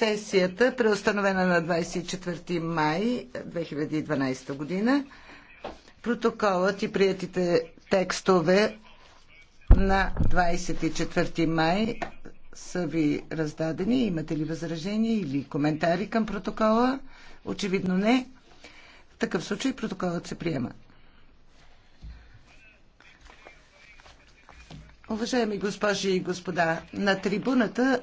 сесията, преустановена на 24 май 2012 година. Протоколът и приятите текстове на 24 май са ви раздадени. Имате ли възражения или коментари към протокола? Очевидно не. В такъв случай протоколът се приема. Уважаеми госпожи и господа, на трибуната